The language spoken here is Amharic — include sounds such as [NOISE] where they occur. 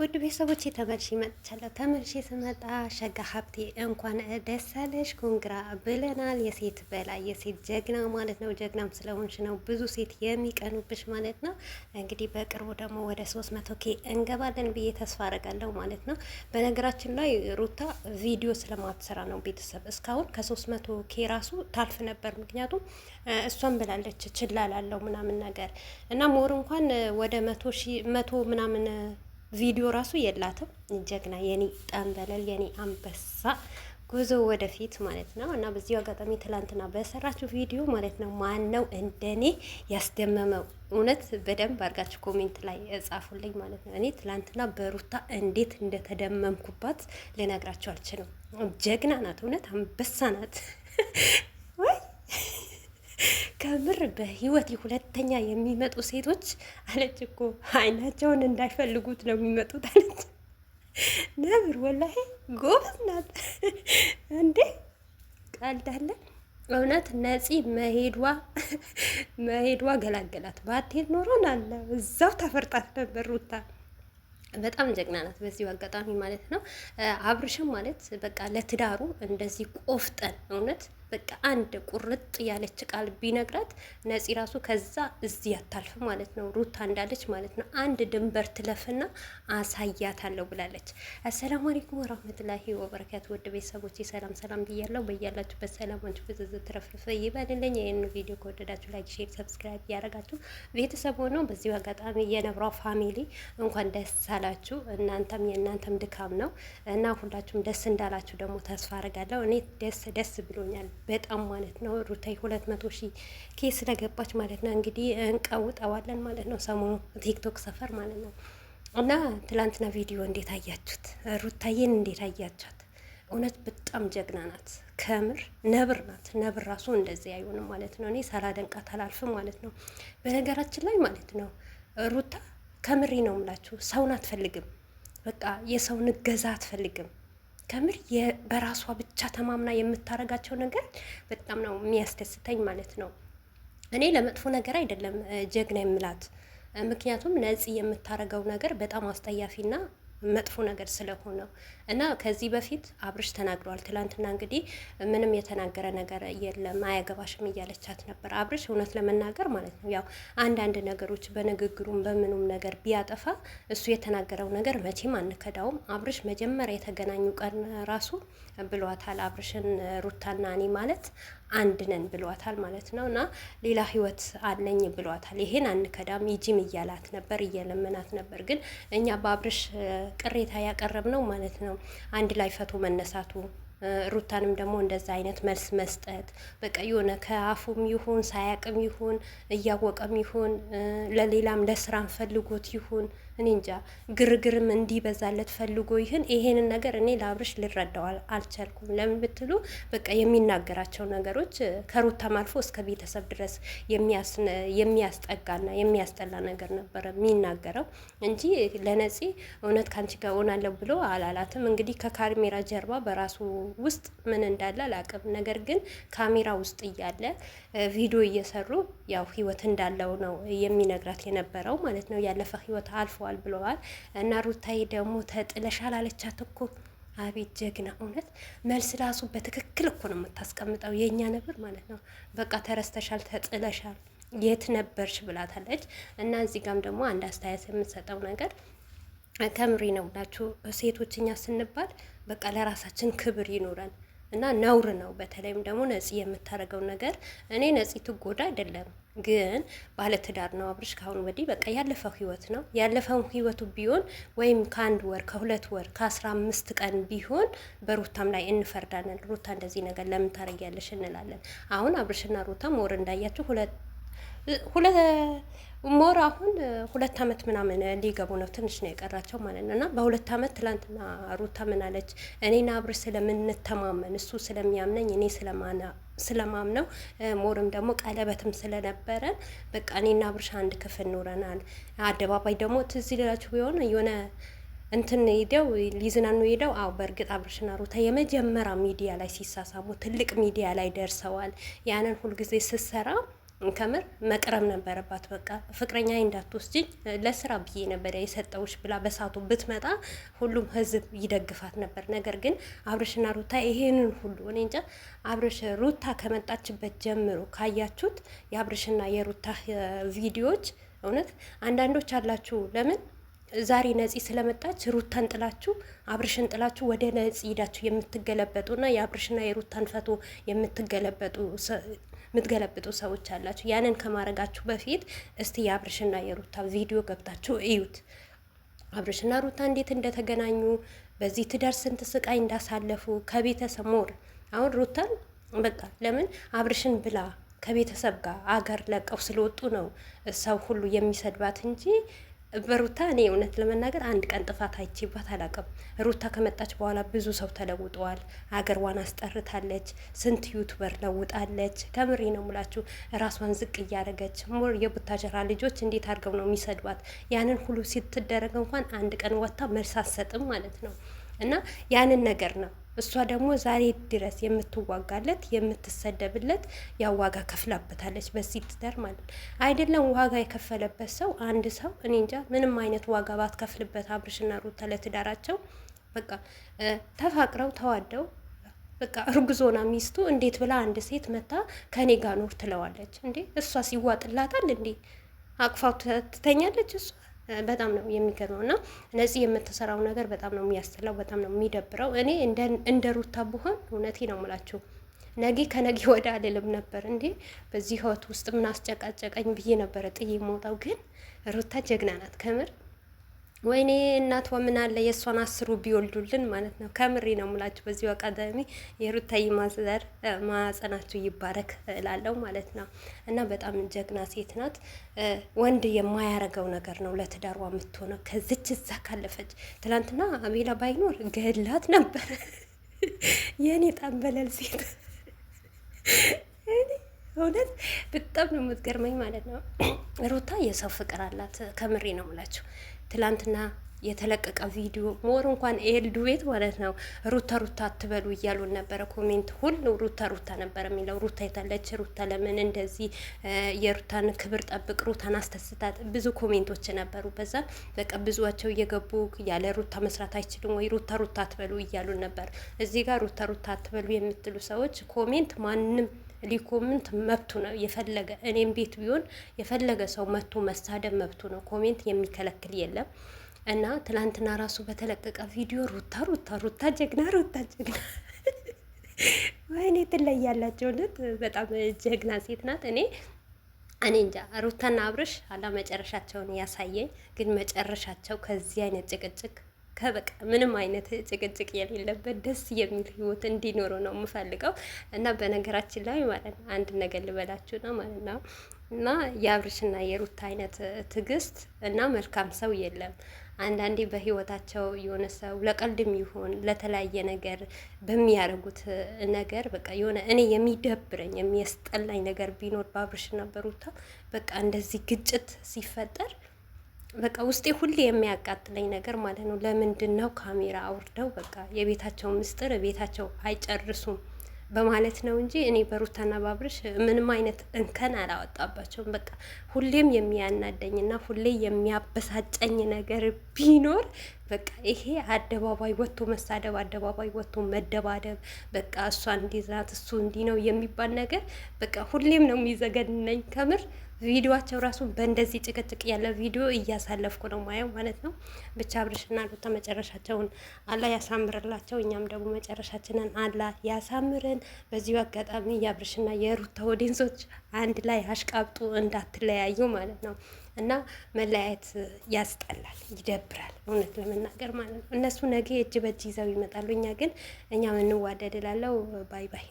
ውድ ቤተሰቦች ተመልሼ መጥቻለሁ። ተመልሼ ስመጣ ሸጋ ሀብቴ እንኳን ደስ አለሽ ኮንግራ ብለናል። የሴት በላይ የሴት ጀግና ማለት ነው። ጀግናም ስለሆንሽ ነው ብዙ ሴት የሚቀኑብሽ ማለት ነው። እንግዲህ በቅርቡ ደግሞ ወደ ሶስት መቶ ኬ እንገባለን ብዬ ተስፋ አረጋለሁ ማለት ነው። በነገራችን ላይ ሩታ ቪዲዮ ስለማትሰራ ነው ቤተሰብ እስካሁን ከሶስት መቶ ኬ ራሱ ታልፍ ነበር። ምክንያቱም እሷን ብላለች ችላላለው ምናምን ነገር እና ሞር እንኳን ወደ መቶ ሺ መቶ ምናምን ቪዲዮ ራሱ የላትም። ጀግና የኔ ጠንበለል የኔ አንበሳ ጉዞ ወደፊት ማለት ነው። እና በዚሁ አጋጣሚ ትላንትና በሰራችሁ ቪዲዮ ማለት ነው ማን ነው እንደኔ ያስደመመው? እውነት በደንብ አድርጋችሁ ኮሜንት ላይ ጻፉልኝ ማለት ነው። እኔ ትላንትና በሩታ እንዴት እንደተደመምኩባት ልነግራችሁ አልችልም። ጀግና ናት፣ እውነት አንበሳ ናት። የምር በህይወት ሁለተኛ የሚመጡ ሴቶች አለች እኮ አይናቸውን እንዳይፈልጉት ነው የሚመጡት አለች። ነብር ወላሂ ጎበዝ ናት እንዴ! ቀልዳለ እውነት ነፂ መሄዷ መሄዷ ገላገላት። ባቴል ኖሮን አለ እዛው ተፈርጣት ነበር ሩታ። በጣም ጀግና ናት። በዚሁ አጋጣሚ ማለት ነው አብርሽም ማለት በቃ ለትዳሩ እንደዚህ ቆፍጠን እውነት በቃ አንድ ቁርጥ ያለች ቃል ቢነግራት ነፂ ራሱ ከዛ እዚህ ያታልፍ ማለት ነው። ሩታ እንዳለች ማለት ነው አንድ ድንበር ትለፍና አሳያታለሁ ብላለች። አሰላሙ አለይኩም ወራህመቱላሂ ወበረካቱ። ውድ ቤተሰቦች ሰላም ሰላም ብያለሁ። በያላችሁበት ሰላማችሁ ብዝዝ ትረፍርፍ ይበልልኝ። ይህን ቪዲዮ ከወደዳችሁ ላይክ፣ ሼር፣ ሰብስክራይብ እያደረጋችሁ ቤተሰብ ሆነው በዚሁ አጋጣሚ የነብሯ ፋሚሊ እንኳን ደስ አላችሁ። እናንተም የእናንተም ድካም ነው እና ሁላችሁም ደስ እንዳላችሁ ደግሞ ተስፋ አርጋለሁ። እኔ ደስ ደስ ብሎኛል። በጣም ማለት ነው። ሩታይ ሁለት መቶ ሺ ኬስ ስለገባች ማለት ነው እንግዲህ እንቀውጠዋለን ማለት ነው። ሰሞኑ ቲክቶክ ሰፈር ማለት ነው። እና ትላንትና ቪዲዮ እንዴት አያችሁት? ሩታዬን እንዴት አያቻት? እውነት በጣም ጀግና ናት። ከምር ነብር ናት። ነብር ራሱ እንደዚህ አይሆንም ማለት ነው። እኔ ሳላደንቃት አላልፍም ማለት ነው። በነገራችን ላይ ማለት ነው ሩታ ከምሬ ነው የምላችሁ ሰውን አትፈልግም። በቃ የሰውን እገዛ አትፈልግም። ከምር በራሷ ብቻ ተማምና የምታረጋቸው ነገር በጣም ነው የሚያስደስተኝ ማለት ነው። እኔ ለመጥፎ ነገር አይደለም ጀግና የምላት፣ ምክንያቱም ነፂ የምታረገው ነገር በጣም አስጠያፊና መጥፎ ነገር ስለሆነው እና ከዚህ በፊት አብርሽ ተናግረዋል። ትላንትና እንግዲህ ምንም የተናገረ ነገር የለም አያገባሽም እያለቻት ነበር። አብርሽ እውነት ለመናገር ማለት ነው ያው አንዳንድ ነገሮች በንግግሩም በምኑም ነገር ቢያጠፋ እሱ የተናገረው ነገር መቼም አንከዳውም። አብርሽ መጀመሪያ የተገናኙ ቀን ራሱ ብሏታል። አብርሽን ሩታና እኔ ማለት አንድ ነን ብሏታል ማለት ነው። እና ሌላ ህይወት አለኝ ብሏታል። ይሄን አንከዳም ይጂም እያላት ነበር፣ እየለመናት ነበር። ግን እኛ በአብርሽ ቅሬታ ያቀረብ ነው ማለት ነው አንድ ላይ ፈቶ መነሳቱ ሩታንም ደግሞ እንደዛ አይነት መልስ መስጠት በቃ የሆነ ከአፉም ይሁን ሳያቅም ይሁን እያወቀም ይሁን ለሌላም ለስራም ፈልጎት ይሁን እኔ እንጃ ግርግርም እንዲበዛለት ፈልጎ ይህን ይሄንን ነገር እኔ ለአብርሽ ልረዳዋል አልቻልኩም። ለምን ብትሉ በቃ የሚናገራቸው ነገሮች ከሩታም አልፎ እስከ ቤተሰብ ድረስ የሚያስጠጋና የሚያስጠላ ነገር ነበረ የሚናገረው እንጂ ለነፂ እውነት ከአንቺ ጋር እሆናለሁ ብሎ አላላትም። እንግዲህ ከካሜራ ጀርባ በራሱ ውስጥ ምን እንዳለ አላቅም። ነገር ግን ካሜራ ውስጥ እያለ ቪዲዮ እየሰሩ ያው ህይወት እንዳለው ነው የሚነግራት የነበረው ማለት ነው። ያለፈ ህይወት አልፈዋል ብለዋል እና ሩታዬ ደግሞ ተጥለሻል አለቻት እኮ አቤት ጀግና! እውነት መልስ ራሱ በትክክል እኮ ነው የምታስቀምጠው የእኛ ነበር ማለት ነው። በቃ ተረስተሻል፣ ተጥለሻል፣ የት ነበርሽ ብላታለች። እና እዚህ ጋም ደግሞ አንድ አስተያየት የምንሰጠው ነገር ከምሪ ነው ብላችሁ ሴቶች እኛ ስንባል በቃ ለራሳችን ክብር ይኑረን እና ነውር ነው። በተለይም ደግሞ ነፂ የምታደርገው ነገር እኔ ነፂ ትጎዳ አይደለም ግን ባለትዳር ነው አብርሽ። ካሁን ወዲህ በቃ ያለፈው ህይወት ነው ያለፈው ህይወቱ ቢሆን ወይም ከአንድ ወር ከሁለት ወር ከአስራ አምስት ቀን ቢሆን በሩታም ላይ እንፈርዳለን። ሩታ እንደዚህ ነገር ለምን ታረጊያለሽ እንላለን። አሁን አብርሽና ሩታ ወር እንዳያችሁ ሁለት ሞር አሁን ሁለት አመት ምናምን ሊገቡ ነው። ትንሽ ነው የቀራቸው ማለት ነው። እና በሁለት አመት ትላንትና ሩታ ምን አለች? እኔና አብር ስለምንተማመን እሱ ስለሚያምነኝ እኔ ስለማምነው ሞርም ደግሞ ቀለበትም ስለነበረን በቃ እኔና አብርሽ አንድ ክፍል ኖረናል። አደባባይ ደግሞ ትዝ ይላችሁ ቢሆን የሆነ እንትን ሄደው ሊዝናኑ ሄደው አው በእርግጥ አብርሽና ሩታ የመጀመሪያ ሚዲያ ላይ ሲሳሳሙ ትልቅ ሚዲያ ላይ ደርሰዋል። ያንን ሁልጊዜ ስትሰራ ከምር መቅረብ ነበረባት። በቃ ፍቅረኛ እንዳትወስጅኝ ለስራ ብዬ ነበር የሰጠውሽ ብላ በሳቱ ብትመጣ ሁሉም ህዝብ ይደግፋት ነበር። ነገር ግን አብረሽና ሩታ ይሄንን ሁሉ እኔ እንጃ። አብረሽ ሩታ ከመጣችበት ጀምሮ ካያችሁት የአብረሽና የሩታ ቪዲዮዎች እውነት አንዳንዶች አላችሁ ለምን ዛሬ ነፂ ስለመጣች ሩታን ጥላችሁ አብርሽን ጥላችሁ ወደ ነፂ ሄዳችሁ የምትገለበጡና የአብርሽና የሩታን ፈቶ የምትገለበጡ የምትገለብጡ ሰዎች አላችሁ። ያንን ከማድረጋችሁ በፊት እስቲ የአብርሽና የሩታ ቪዲዮ ገብታችሁ እዩት። አብርሽና ሩታ እንዴት እንደተገናኙ በዚህ ትዳር ስንት ስቃይ እንዳሳለፉ ከቤተሰብ ሞር አሁን ሩታን በቃ ለምን አብርሽን ብላ ከቤተሰብ ጋር አገር ለቀው ስለወጡ ነው ሰው ሁሉ የሚሰድባት እንጂ በሩታ እኔ እውነት ለመናገር አንድ ቀን ጥፋት አይቼባት አላውቅም። ሩታ ከመጣች በኋላ ብዙ ሰው ተለውጠዋል። አገርዋን አስጠርታለች። ስንት ዩቱበር ለውጣለች። ከምሬ ነው ሙላችሁ ራሷን ዝቅ እያደረገች ሞር የቡታጀራ ልጆች እንዴት አድርገው ነው የሚሰድባት? ያንን ሁሉ ስትደረግ እንኳን አንድ ቀን ወጥታ መልስ አትሰጥም ማለት ነው። እና ያንን ነገር ነው እሷ ደግሞ ዛሬ ድረስ የምትዋጋለት የምትሰደብለት ያው ዋጋ ከፍላበታለች። በዚህ ትዳር ማለት አይደለም ዋጋ የከፈለበት ሰው አንድ ሰው እኔ እንጃ ምንም አይነት ዋጋ ባትከፍልበት አብርሽና ሩታ ለትዳራቸው በቃ ተፋቅረው ተዋደው በቃ እርጉዞና ሚስቱ እንዴት ብላ አንድ ሴት መታ ከኔ ጋር ኖር ትለዋለች እንዴ? እሷ ሲዋጥላታል እንዴ? አቅፋው ትተኛለች እሷ በጣም ነው የሚገርመው እና ነፂ የምትሰራው ነገር በጣም ነው የሚያስጠላው፣ በጣም ነው የሚደብረው። እኔ እንደ ሩታ ብሆን እውነቴ ነው የምላችሁ ነገ ከነገ ወደ አልልም ነበር እንዴ በዚህ ህይወት ውስጥ ምን አስጨቃጨቀኝ ብዬ ነበረ ጥዬ መውጣው። ግን ሩታ ጀግና ናት ከምር ወይኔ እናቷ ምን አለ የእሷን አስሩ ቢወልዱልን ማለት ነው። ከምሬ ነው የምላችሁ። በዚሁ አጋጣሚ የሩታዬ ማዘር ማጸናችሁ ይባረክ እላለሁ ማለት ነው። እና በጣም ጀግና ሴት ናት። ወንድ የማያረገው ነገር ነው ለትዳሯ የምትሆነው። ከዚች እዛ ካለፈች ትላንትና አቤላ ባይኖር ገላት ነበረ። የእኔ ጣምበለል ሴት እውነት በጣም ነው የምትገርመኝ ማለት ነው። ሩታ የሰው ፍቅር አላት። ከምሬ ነው የምላችሁ። ትላንትና የተለቀቀ ቪዲዮ ሞር እንኳን ኤልዱ ቤት ማለት ነው። ሩታ ሩታ አትበሉ እያሉን ነበረ። ኮሜንት ሁሉ ሩታ ሩታ ነበረ የሚለው ሩታ የታለች ሩታ ለምን እንደዚህ የሩታን ክብር ጠብቅ፣ ሩታን አስተስታት ብዙ ኮሜንቶች ነበሩ። በዛ በቃ ብዙቸው እየገቡ ያለ ሩታ መስራት አይችልም ወይ ሩታ ሩታ አትበሉ እያሉን ነበር። እዚህ ጋር ሩታ ሩታ አትበሉ የምትሉ ሰዎች ኮሜንት ማንም ሊኮምንት መብቱ ነው። የፈለገ እኔም ቤት ቢሆን የፈለገ ሰው መቶ መሳደብ መብቱ ነው። ኮሜንት የሚከለክል የለም። እና ትላንትና ራሱ በተለቀቀ ቪዲዮ ሩታ ሩታ ሩታ ጀግና ሩታ ጀግና [LAUGHS] ወይኔ ትለያላቸው። እውነት በጣም ጀግና ሴት ናት። እኔ እኔ እንጃ ሩታና አብርሽ አላ መጨረሻቸውን ያሳየኝ። ግን መጨረሻቸው ከዚህ አይነት ጭቅጭቅ ከበቃ ምንም አይነት ጭቅጭቅ የሌለበት ደስ የሚል ህይወት እንዲኖረው ነው የምፈልገው እና በነገራችን ላይ ማለት ነው አንድ ነገር ልበላችሁ ነው ማለት ነው እና የአብርሽና የሩት አይነት ትዕግስት እና መልካም ሰው የለም። አንዳንዴ በህይወታቸው የሆነ ሰው ለቀልድም ይሆን ለተለያየ ነገር በሚያደርጉት ነገር በቃ የሆነ እኔ የሚደብረኝ የሚያስጠላኝ ነገር ቢኖር በአብርሽና በሩታ በቃ እንደዚህ ግጭት ሲፈጠር በቃ ውስጤ ሁሌ የሚያቃጥለኝ ነገር ማለት ነው። ለምንድን ነው ካሜራ አውርደው በቃ የቤታቸው ምስጢር ቤታቸው አይጨርሱም በማለት ነው እንጂ እኔ በሩታና ባብርሽ ምንም አይነት እንከን አላወጣባቸውም። በቃ ሁሌም የሚያናደኝና ሁሌ የሚያበሳጨኝ ነገር ቢኖር በቃ ይሄ አደባባይ ወጥቶ መሳደብ፣ አደባባይ ወጥቶ መደባደብ፣ በቃ እሷ እንዲዛት እሱ እንዲህ ነው የሚባል ነገር በቃ ሁሌም ነው የሚዘገንነኝ ከምር ቪዲዮቸው ራሱ በእንደዚህ ጭቅጭቅ ያለ ቪዲዮ እያሳለፍኩ ነው ማየው ማለት ነው። ብቻ አብርሽና ሩታ መጨረሻቸውን አላ ያሳምርላቸው። እኛም ደግሞ መጨረሻችንን አላ ያሳምርን። በዚሁ አጋጣሚ የአብርሽና የሩታ ወዲንሶች አንድ ላይ አሽቃብጡ እንዳትለያዩ ማለት ነው። እና መለያየት ያስጠላል፣ ይደብራል፣ እውነት ለመናገር ማለት ነው። እነሱ ነገ እጅ በእጅ ይዘው ይመጣሉ። እኛ ግን እኛም ምንዋደድ ላለው ባይ ባይ